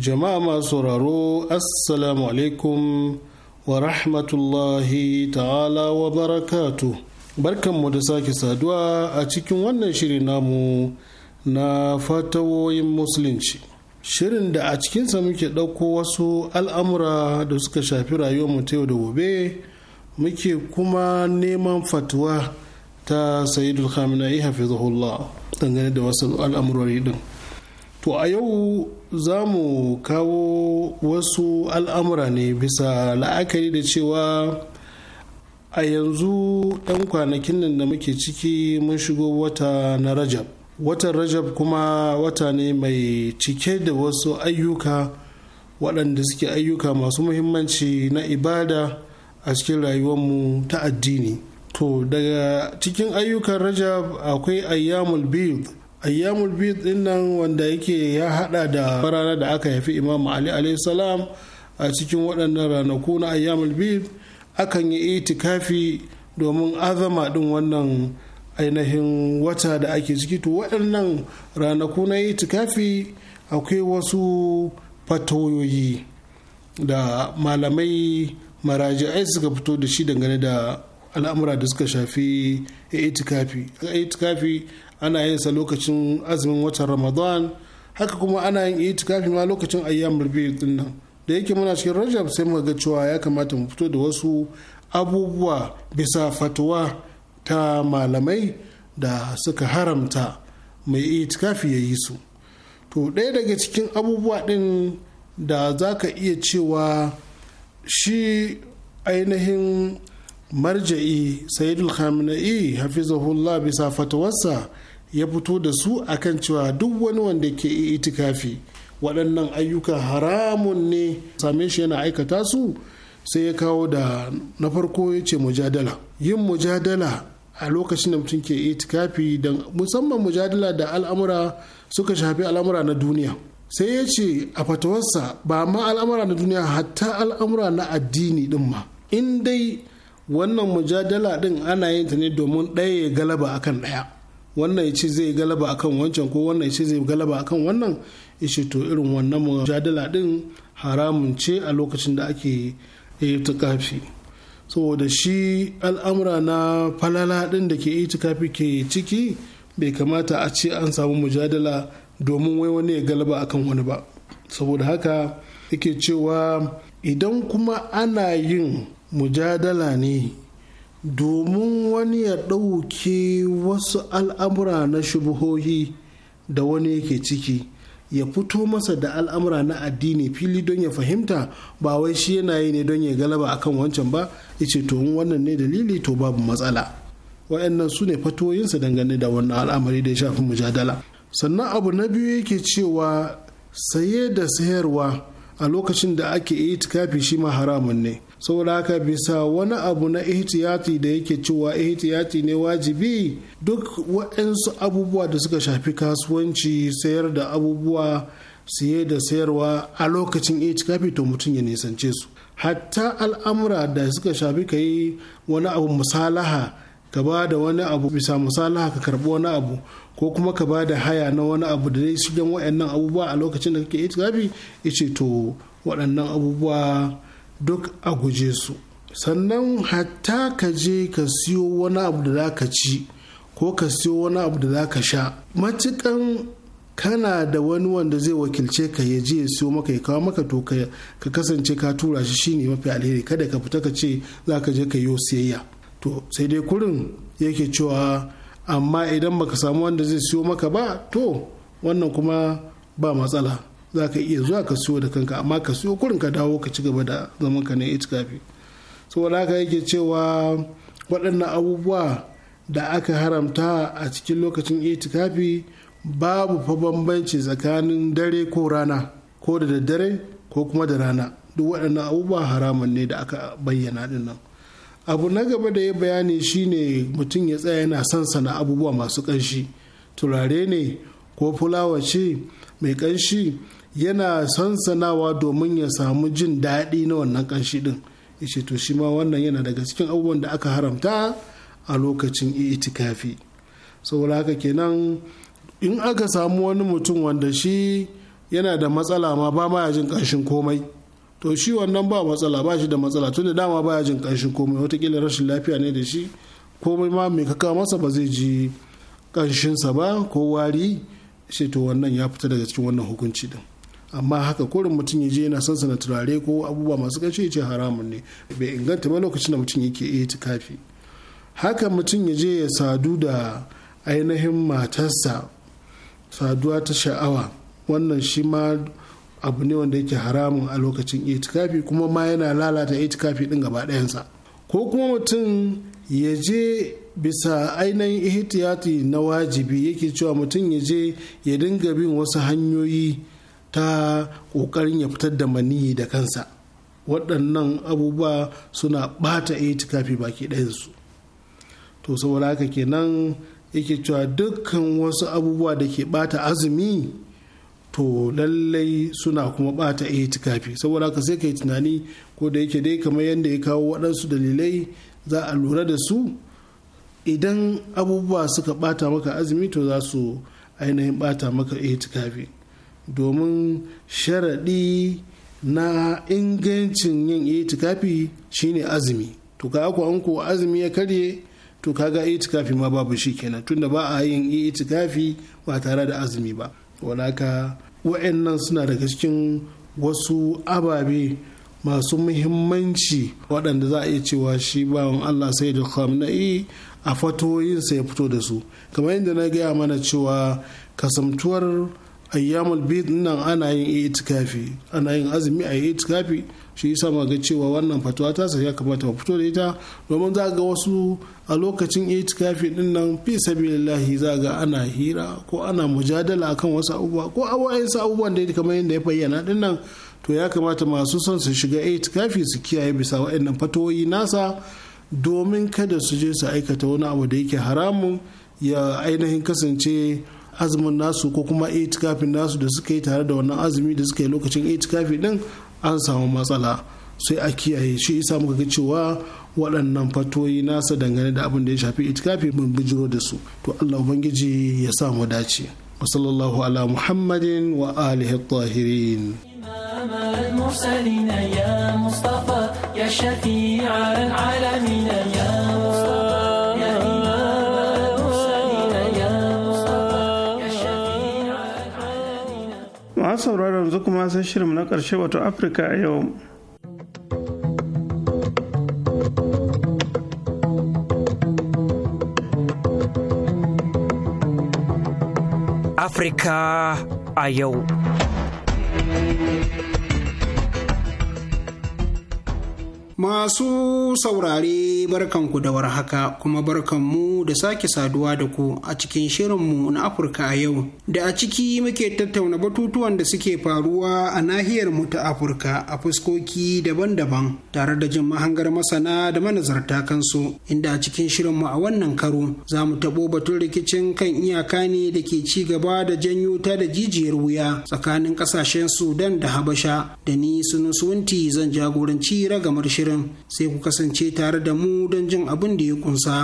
jama'a masu sauraro assalamu alaikum wa rahmatullahi ta'ala wa barakatu barkanmu da sake saduwa a cikin wannan shiri namu na fatawoyin musulunci shirin da a cikinsa muke ɗauko wasu al'amura da suka shafi mu ta yau da gobe muke kuma neman fatuwa ta sayidul khamenei hafizahullah dangane da wasu al'amurori din to a yau za mu kawo wasu al'amura ne bisa la'akari da cewa a yanzu 'yan kwanakin nan da muke ciki mun shigo wata na rajab watan rajab kuma wata ne mai cike da wasu ayyuka waɗanda suke ayyuka masu muhimmanci na ibada a cikin rayuwarmu ta addini to daga cikin ayyukan rajab akwai ayyamul bid ayyamul bid din nan wanda yake ya hada da rana da aka haifi imamu ali alayhi salam a cikin waɗannan ranaku na ayyamul bid akan yi itikafi domin azama din wannan ainihin wata da ake ciki to waɗannan ranaku na itikafi akwai wasu fatoyoyi da malamai maraji'ai suka fito da shi dangane da al'amura da suka shafi itikafi itikafi ana yin sa lokacin azumin watan ramadan haka kuma ana yin itikafi ma lokacin ayyamul bid din nan da yake muna cikin rajab sai muka ga cewa ya kamata mu fito da wasu abubuwa bisa fatuwa ta malamai da suka haramta mai itikafi ya yi su to ɗaya daga cikin abubuwa ɗin da za ka iya cewa shi ainihin marja'i sayidul khamenei hafizahullah bisa fatawarsa ya fito da su akan cewa duk wani wanda ke itikafi waɗannan ayyuka haramun ne same shi yana aikata su sai ya kawo da na farko ya ce mujadala yin mujadala a lokacin da mutum ke itikafi don musamman mujadala da al'amura suka shafi al'amura na duniya sai ya ce a fatawarsa ba ma al'amura na duniya hatta al'amura na addini din ma in dai wannan mujadala din ana yin ta ne domin ɗaya ya galaba akan ɗaya wannan ce zai galaba akan wancan ko wannan ce zai galaba akan wannan ishe to irin wannan mujadala din haramun ce a lokacin da ake eh, itikafi saboda shi al'amura na falala din da ke itikafi ke ciki bai kamata a ce an samu mujadala domin wai wani ya galaba akan wani ba saboda haka yake cewa idan kuma ana yin mujadala ne domin wani ya ɗauke wasu al'amura na shubuhohi da wani yake ciki ya fito masa da al'amura na addini fili don ya fahimta ba wai shi yana yi ne don ya galaba akan wancan ba ya ce to wannan ne dalili to babu matsala wa'annan su ne fatoyinsa dangane da wannan al'amari da ya shafi mujadala sannan abu na biyu yake cewa saye da sayarwa a lokacin da ake itikafi shi ma haramun ne saboda bisa wani abu na ihtiyati da yake cewa ihtiyati ne wajibi duk waɗansu abubuwa da suka shafi kasuwanci sayar da abubuwa siye da sayarwa a lokacin itikafi to mutum ya nisance su hatta al'amura da suka shafi ka yi wani abu musalaha ka ba da wani abu bisa musalaha ka karbi wani abu ko kuma ka ba da haya na wani abu da zai shigan waɗannan abubuwa a lokacin da kake itikafi ice to waɗannan abubuwa duk a guje su sannan hatta ka je ka siyo wani abu da za ka ci ko ka siyo wani abu da za ka sha matukan kana da wani wanda zai wakilce ka ya je ya siyo maka ya kawo maka to ka kasance ka tura shi shine mafi alheri kada ka fita ka ce za ka je ka yi siyayya to sai dai kurin yake cewa amma idan baka samu wanda zai siyo maka ba to wannan kuma ba matsala za ka iya zuwa ka siyo da kanka amma ka siyo kurin ka dawo ka ci gaba da zaman ka na itikafi saboda haka yake cewa waɗannan abubuwa da aka haramta a cikin lokacin itikafi babu fa bambanci tsakanin dare ko rana ko da daddare ko kuma da rana duk waɗannan abubuwa haramun ne da aka bayyana dinnan abu na gaba da ya bayani shine mutum ya tsaya yana sansana abubuwa masu ƙanshi turare ne ko fulawa ce mai ƙanshi yana sansanawa domin ya samu jin daɗi na wannan ƙanshi ɗin ishe to shi ma wannan yana daga cikin abubuwan da aka haramta a lokacin itikafi saboda haka kenan in aka samu wani mutum wanda shi yana da matsala ma ba ma jin ƙanshin komai to shi wannan ba matsala ba shi da matsala tunda dama ba jin ƙanshin komai watakila rashin lafiya ne da shi komai ma mai kaka masa ba zai ji ƙanshinsa ba ko wari shi to wannan ya fita daga cikin wannan hukunci din amma haka korin mutum ya je yana son turare ko abubuwa masu ƙarshe ya ce haramun ne bai inganta ba lokacin da mutum yake itikafi haka mutum ya je ya sadu da ainihin matarsa saduwa ta sha'awa wannan shi ma abu ne wanda yake haramun a lokacin itikafi kuma ma yana lalata itikafi din gaba ɗayansa ko kuma mutum ya je bisa ainihin ihtiyati na wajibi yake cewa mutum ya je ya dinga bin wasu hanyoyi ta ƙoƙarin ya fitar da maniyi da kansa waɗannan abubuwa suna ɓata itikafi baki ɗayansu to saboda haka kenan yake cewa dukkan wasu abubuwa da ke ɓata azumi to lallai suna kuma ɓata itikafi saboda haka sai ka yi tunani ko da yake dai kamar yadda ya kawo waɗansu dalilai za a lura da su idan abubuwa suka ɓata maka azumi to za su ainihin ɓata maka itikafi domin sharaɗi na ingancin yin itikafi shine azumi to ka ko an ko azumi ya karye to kaga itikafi ma babu shi kenan tunda ba a yin itikafi ba tare da azumi ba walaka wa'annan suna daga cikin wasu ababe masu muhimmanci waɗanda za a iya cewa shi bawan Allah sai da khamna'i a fatoyinsa ya fito da su kamar yadda na gaya mana cewa kasamtuwar ayyamul bid nan ana yin itikafi ana yin azumi a yi itikafi shi yasa ga cewa wannan fatuwa ta sa ya kamata mu fito da ita domin za ga wasu a lokacin itikafi din nan fi sabilillahi za ga ana hira ko ana mujadala akan wasu abubuwa ko sa abubuwan da kamar yadda ya bayyana din nan to ya kamata masu son su shiga itikafi su kiyaye bisa waɗannan fatoyi nasa domin kada su je su aikata wani abu da yake haramun ya ainihin kasance azumin nasu ko kuma itikafin nasu da suka yi tare da wannan azumi da suka yi lokacin itikafi din an samu matsala sai a kiyaye shi isa muka ga cewa waɗannan fatoyi nasa dangane da abin da ya shafi itikafi mun bijiro da su to Allah ubangiji ya sa mu dace wa sallallahu ala muhammadin wa alihi tahirin المرسلين يا مصطفى يا شفيع العالمين يا masu sauraron yanzu kuma sai shirin na ƙarshe wato afirka a yau Afrika a yau Masu saurare barkanku da warhaka kuma barkanmu da sake saduwa da ku a cikin shirinmu na Afirka a yau. Da a ciki muke tattauna batutuwan da suke faruwa a nahiyar mu ta Afirka a fuskoki daban-daban tare da jin mahangar masana da manazarta kansu inda a cikin shirinmu a wannan karo za mu taɓo batun rikicin kan iyaka ne da ke ci gaba da janyo ta da jijiyar wuya tsakanin ƙasashen Sudan da Habasha da ni Sunusunti zan jagoranci ragamar shirin. shirin sai ku kasance tare da mu don jin abin da ya kunsa.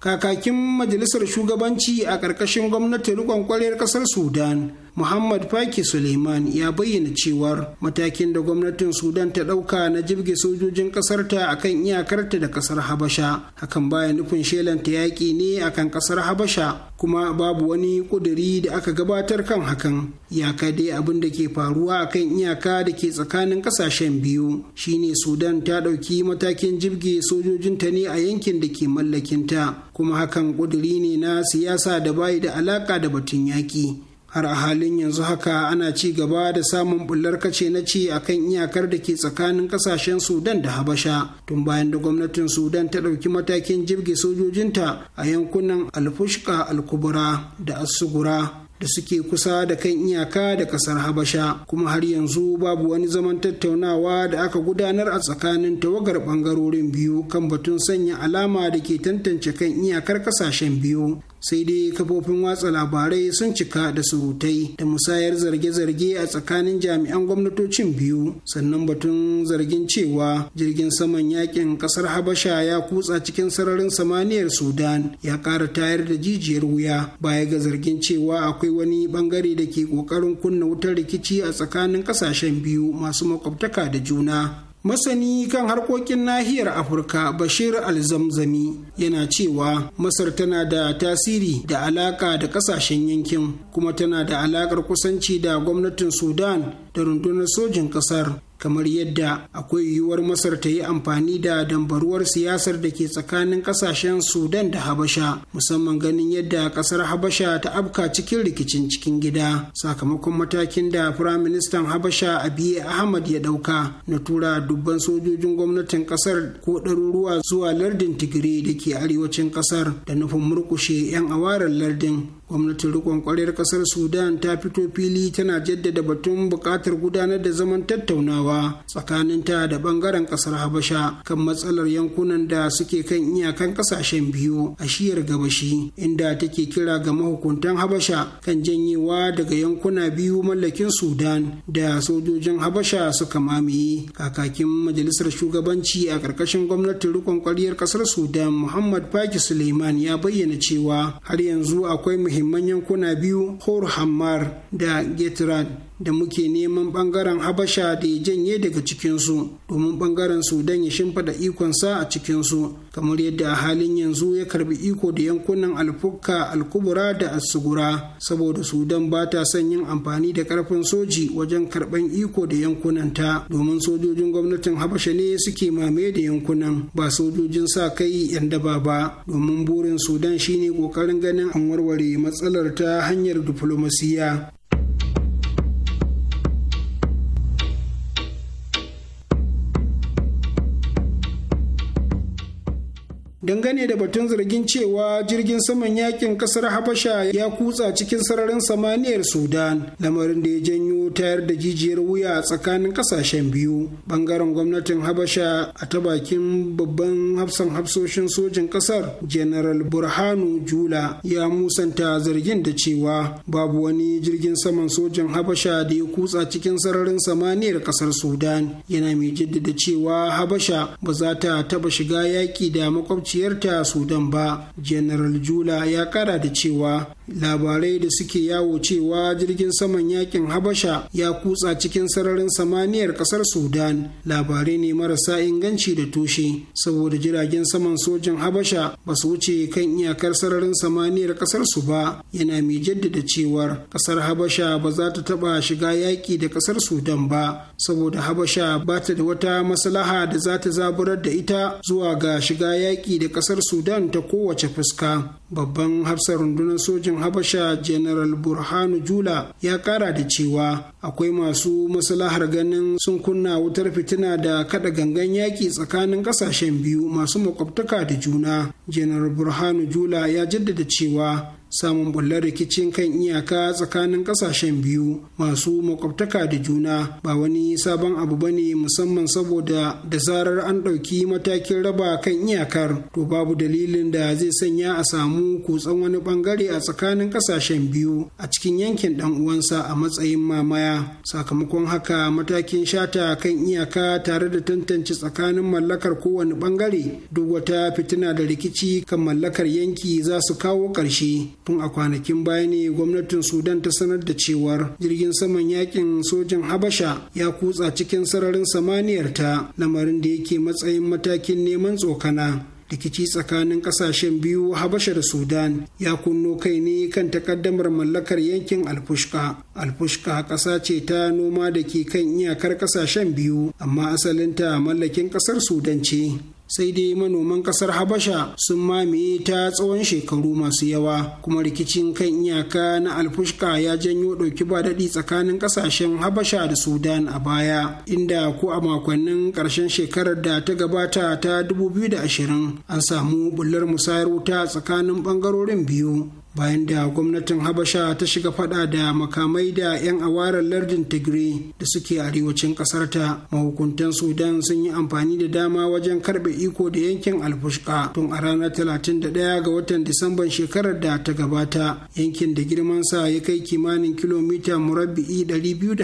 kakakin majalisar shugabanci a ƙarƙashin gwamnatin riƙon ƙwarriyar ƙasar sudan muhammad faki suleiman ya bayyana cewar matakin da gwamnatin sudan ta ɗauka na jibge sojojin ƙasarta akan iyakarta da ƙasar habasha hakan baya nufin shelanta yaƙi ne akan ƙasar habasha kuma babu wani ƙuduri da aka gabatar kan hakan ya dai abin da ke faruwa akan iyaka da ke tsakanin ƙasashen biyu shine sudan ta ɗauki matakin jibge sojojinta ne a yankin da ke mallakinta kuma hakan ƙuduri ne na siyasa da bayi da alaƙa da batun yaƙi har a halin yanzu haka ana ci gaba da samun bullar kace na ci akan iyakar da ke tsakanin kasashen sudan da habasha tun bayan da gwamnatin sudan ta ɗauki matakin jirge sojojinta a yankunan alfushka alkubura da asugura da suke kusa da kan iyaka da kasar habasha kuma har yanzu babu wani zaman tattaunawa da aka gudanar a tsakanin tawagar bangarorin biyu kan batun sanya alama da ke tantance kan iyakar kasashen biyu sai dai kafofin watsa labarai sun cika da surutai da musayar zarge-zarge a tsakanin jami'an gwamnatocin biyu sannan batun zargin cewa jirgin saman yakin kasar habasha ya kutsa cikin sararin samaniyar sudan ya kara tayar da jijiyar wuya baya ga zargin cewa akwai wani bangare da ke kokarin kunna wutar rikici a tsakanin kasashen biyu masu makwabtaka da juna masani kan harkokin nahiyar afirka bashir alzamzami yana cewa masar tana da tasiri da alaka da kasashen yankin kuma tana da alakar kusanci da gwamnatin sudan da rundunar sojin ƙasar. kamar yadda akwai yiwuwar masar ta yi amfani da dambaruwar siyasar da ke tsakanin kasashen sudan da habasha musamman ganin yadda kasar habasha ta abka cikin rikicin cikin gida sakamakon matakin da firaministan habasha abiye ahmad ya dauka na tura dubban sojojin gwamnatin kasar ko ɗaruruwa zuwa lardin tigiri da ke arewacin kasar da nufin murkushe 'yan awarar lardin gwamnatin rikon kwarar kasar sudan ta fito fili tana jaddada batun bukatar gudanar da zaman tattaunawa tsakanin ta da bangaren kasar habasha kan matsalar yankunan da suke kan iyakan kasashen biyu a shiyar gabashi inda take kira ga mahukuntan habasha kan janyewa daga yankuna biyu mallakin sudan da sojojin habasha suka mamaye kakakin majalisar shugabanci a ƙarƙashin gwamnatin rikon kwarar kasar sudan muhammad faki suleiman ya bayyana cewa har yanzu akwai muhimman yankuna biyu hor hammar da Getran. da muke neman bangaren habasha da ya janye daga cikinsu domin bangaren sudan ya shimfada ikonsa a cikinsu kamar yadda a halin yanzu ya karbi iko da yankunan alfukka alkubura da asugura saboda sudan ba ta son yin amfani da karfin soji wajen karban iko da yankunanta domin sojojin gwamnatin habasha ne suke mame da yankunan ba sojojin sa kai yan daba ba domin burin sudan shine kokarin ganin an warware matsalar ta hanyar diflomasiya dangane da batun zargin cewa jirgin saman yakin kasar habasha ya kutsa cikin sararin samaniyar sudan lamarin da ya janyo tayar da jijiyar wuya tsakanin kasashen biyu bangaren gwamnatin habasha a ta bakin babban hafsan hafsoshin sojin kasar general burhanu jula ya musanta zargin da cewa babu wani jirgin saman sojin habasha da ya kutsa cikin sararin samaniyar kasar sudan yana mai jaddada cewa habasha ba za ta taba shiga yaki da makwabci a sudan ba general jula ya kara da cewa labarai da suke yawo cewa jirgin saman yakin habasha ya kutsa cikin sararin samaniyar kasar sudan labarai ne marasa inganci da tushe saboda jiragen saman sojin habasha ba su wuce kan iyakar sararin samaniyar kasar su ba yana mai jaddada cewar kasar habasha ba za ta taba shiga yaki da kasar sudan ba saboda habasha ba ta da wata maslaha da za ta zaburar da ita zuwa ga shiga yaki da kasar sudan ta kowace fuska babban hafsa rundunar sojin habasha general burhanu jula ya kara da cewa akwai masu maslahar ganin sun kunna wutar fitina da kada gangan yaƙi tsakanin ƙasashen biyu masu makwabtaka da juna general burhanu jula ya jaddada cewa samun bullar rikicin kan iyaka tsakanin kasashen biyu masu makwabtaka da juna ba wani sabon abu ba ne musamman saboda da zarar an ɗauki matakin raba kan iyakar to babu dalilin da zai sanya a samu kutsan wani bangare a tsakanin kasashen biyu a cikin yankin ɗan uwansa a matsayin mamaya sakamakon haka matakin shata kan iyaka tare da tantance tsakanin mallakar kowane bangare duk wata fitina da rikici kan mallakar yanki za su kawo ƙarshe tun a kwanakin baya ne gwamnatin sudan ta sanar da cewar jirgin saman yakin Sojan habasha ya kutsa cikin sararin samaniyar ta lamarin da yake matsayin matakin neman tsokana rikici tsakanin kasashen biyu habasha da sudan ya kunno kai ne kan takaddamar mallakar yankin alfushka alfushka ƙasa ce ta noma da ke kan iyakar kasashen biyu amma asalinta mallakin ƙasar sudan ce sai dai manoman kasar habasha sun mamaye ta tsawon shekaru masu yawa kuma rikicin kan iyaka na alfushka ya janyo ɗauki ba daɗi tsakanin ƙasashen habasha da sudan a baya inda ko a makonnin ƙarshen shekarar da ta gabata ta 2020 an samu bullar musayar wuta tsakanin ɓangarorin biyu bayan da gwamnatin habasha ta shiga fada da makamai da 'yan awarar lardin tigray da suke arewacin ƙasarta, mahukuntan sudan sun yi amfani da dama wajen karbe iko da yankin alfushka tun a ranar 31 ga watan disamban shekarar da ta gabata yankin da girman sa ya kai kimanin kilomita murabbi'i 250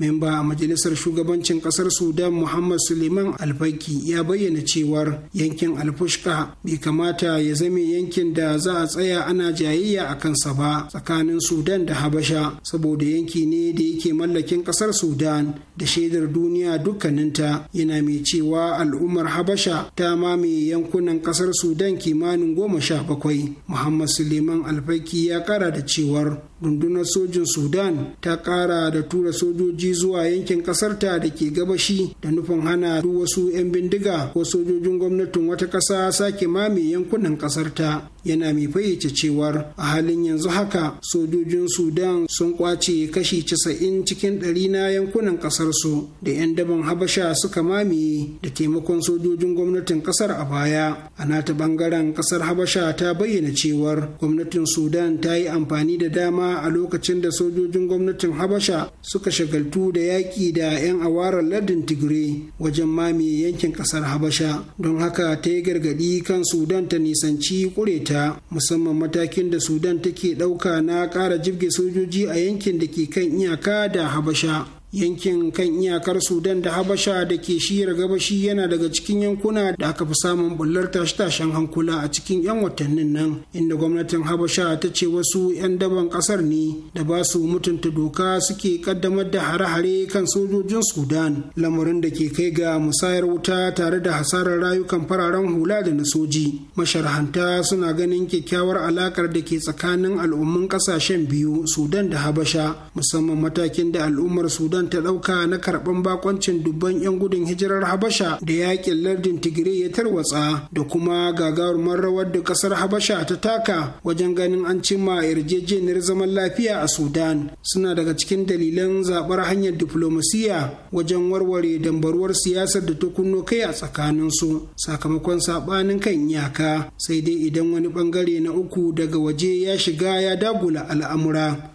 memba a majalisar shugabancin Ƙasar sudan muhammad suleiman alfaki ya bayyana cewar yankin alfushka bai kamata ya zame yankin da za a tsaya ana jayayya a kansa ba tsakanin sudan da habasha saboda yanki ne da yake mallakin kasar sudan da shaidar duniya dukkaninta yana mai cewa al'ummar habasha ta mamaye yankunan kasar sudan kimanin goma sha bakwai muhammad suleiman alfaki ya kara da cewar rundunar sojin sudan ta kara da tura sojoji zuwa yankin kasarta da ke gabashi da nufin hana duk wasu 'yan bindiga ko sojojin gwamnatin wata ƙasa sake mamaye yankunan ƙasarta yana mai fayyace cewar a halin yanzu haka sojojin sudan sun kwace kashi casa'in cikin ɗari na yankunan ƙasarsu da 'yan daban habasha suka mamaye da taimakon sojojin gwamnatin ƙasar a baya a nata ɓangaren ƙasar habasha ta bayyana cewar gwamnatin sudan ta yi amfani da dama a lokacin da sojojin gwamnatin habasha suka shagaltu da yaƙi da 'yan awarar lardin tigray wajen mamaye yankin ƙasar habasha don haka ta yi gargaɗi kan sudan ta nisanci ƙureta musamman matakin da sudan take ɗauka na ƙara jibge sojoji a yankin da ke kan iyaka da habasha yankin kan iyakar sudan da habasha da ke shiyar gabashi yana daga cikin yankuna da aka fi samun bullar tashe-tashen hankula a cikin 'yan watannin nan inda gwamnatin habasha ta ce wasu 'yan daban kasar ne da ba su mutunta doka suke kaddamar da hare-hare kan sojojin sudan lamarin da ke kai ga musayar wuta tare da hasarar rayukan fararen hula da na soji masharhanta suna ganin kyakkyawar alakar da ke tsakanin al'umman kasashen biyu sudan da habasha musamman matakin da al'ummar sudan don ta ɗauka na karɓan bakoncin dubban 'yan gudun hijirar habasha da yakin lardin tigire ya tarwatsa da kuma gagarumar rawar da ƙasar habasha ta taka wajen ganin an cimma yarjejeniyar zaman lafiya a sudan suna daga cikin dalilan zaɓar hanyar diflomasiya wajen warware dambaruwar siyasar da ta kunno kai a tsakanin su sakamakon saɓanin kan iyaka sai dai idan wani ɓangare na uku daga waje ya shiga ya dagula al'amura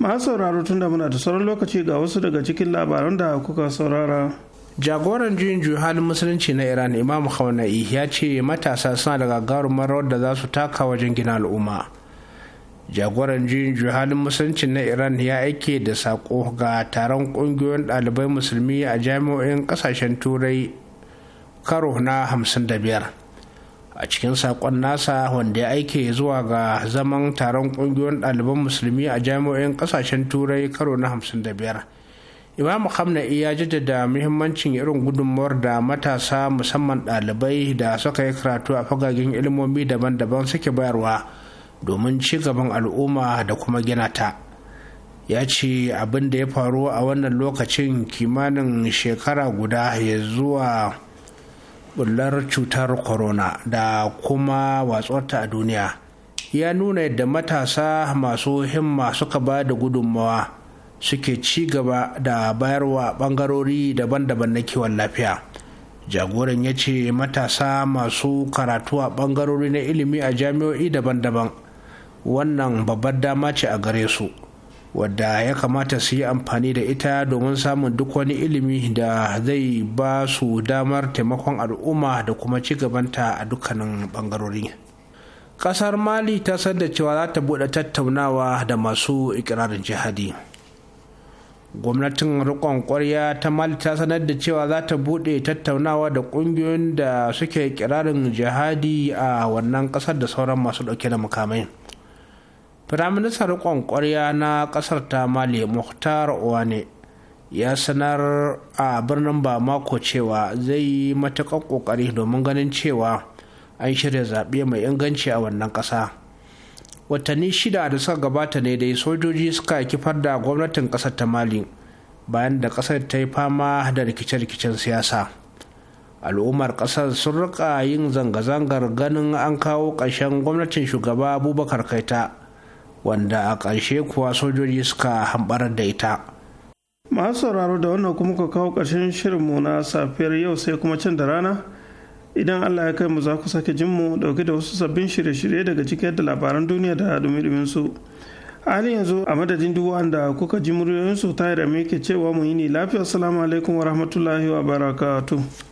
masu sauraro tun da muna da sauran lokaci ga wasu daga cikin labaran da kuka saurara jagoran juyin juyin halin musulunci na iran imam khawana'i ya ce matasa suna da gagarumar rawar da za su taka wajen gina al'umma jagoran juyin juyin halin musulunci na iran ya aike da sako ga taron kungiyoyin ɗalibai musulmi a jami'o'in ƙasashen turai karo na 55 a cikin sakon nasa wanda ya aike zuwa ga zaman taron kungiyoyin ɗaliban musulmi a jami'o'in ƙasashen turai karo na 55 imam hamna ya jaddada muhimmancin irin gudunmawar da matasa musamman ɗalibai da suka yi karatu a fagagen ilimomi daban-daban suke bayarwa domin ci gaban al'umma da kuma gina ta. ya ce abin da ya faru a wannan lokacin kimanin shekara guda ya zuwa bullar cutar corona da kuma watsuwarta a duniya ya nuna yadda matasa masu himma suka ba da gudunmawa suke ci gaba da bayarwa bangarori daban-daban na kiwon lafiya jagoran ya ce matasa masu karatu a bangarori na ilimi a jami'o'i daban-daban wannan babbar dama ce a gare su wadda ya kamata su yi amfani da ita domin samun duk wani ilimi da zai ba su damar taimakon al'umma da kuma ci gabanta a dukkanin bangarori kasar mali ta san da cewa za ta buɗe tattaunawa da masu ikirarin jihadi gwamnatin rikon kwarya ta mali ta sanar da cewa za ta buɗe tattaunawa da ƙungiyoyin da suke ikirarin jihadi a wannan ƙasar da sauran masu ɗauke da mukamai firaministan riƙon ƙwarya na ƙasar ta mali muhtar wane ya sanar a birnin bamako cewa zai yi matuƙar ƙoƙari domin ganin cewa an shirya zaɓe mai inganci a wannan ƙasa watanni shida da suka gabata ne dai sojoji suka kifar da gwamnatin ƙasar ta mali bayan da ƙasar ta yi fama da rikice-rikicen siyasa al'ummar ƙasar sun riƙa yin zanga-zangar ganin an kawo ƙarshen gwamnatin shugaba abubakar kaita wanda a ƙarshe kuwa sojoji suka hambar da ita masu sauraro da wannan kuma ka kawo ƙarshen shirinmu na safiyar yau sai kuma can da rana idan allah ya kai mu za ku sake jin mu dauke da wasu sabbin shirye-shirye daga cikin da labaran duniya da dumi su halin yanzu a madadin duk wanda kuka ji muryoyinsu ta yi da ke cewa mu yi ni lafiya salamu alaikum wa rahmatullahi wa barakatuh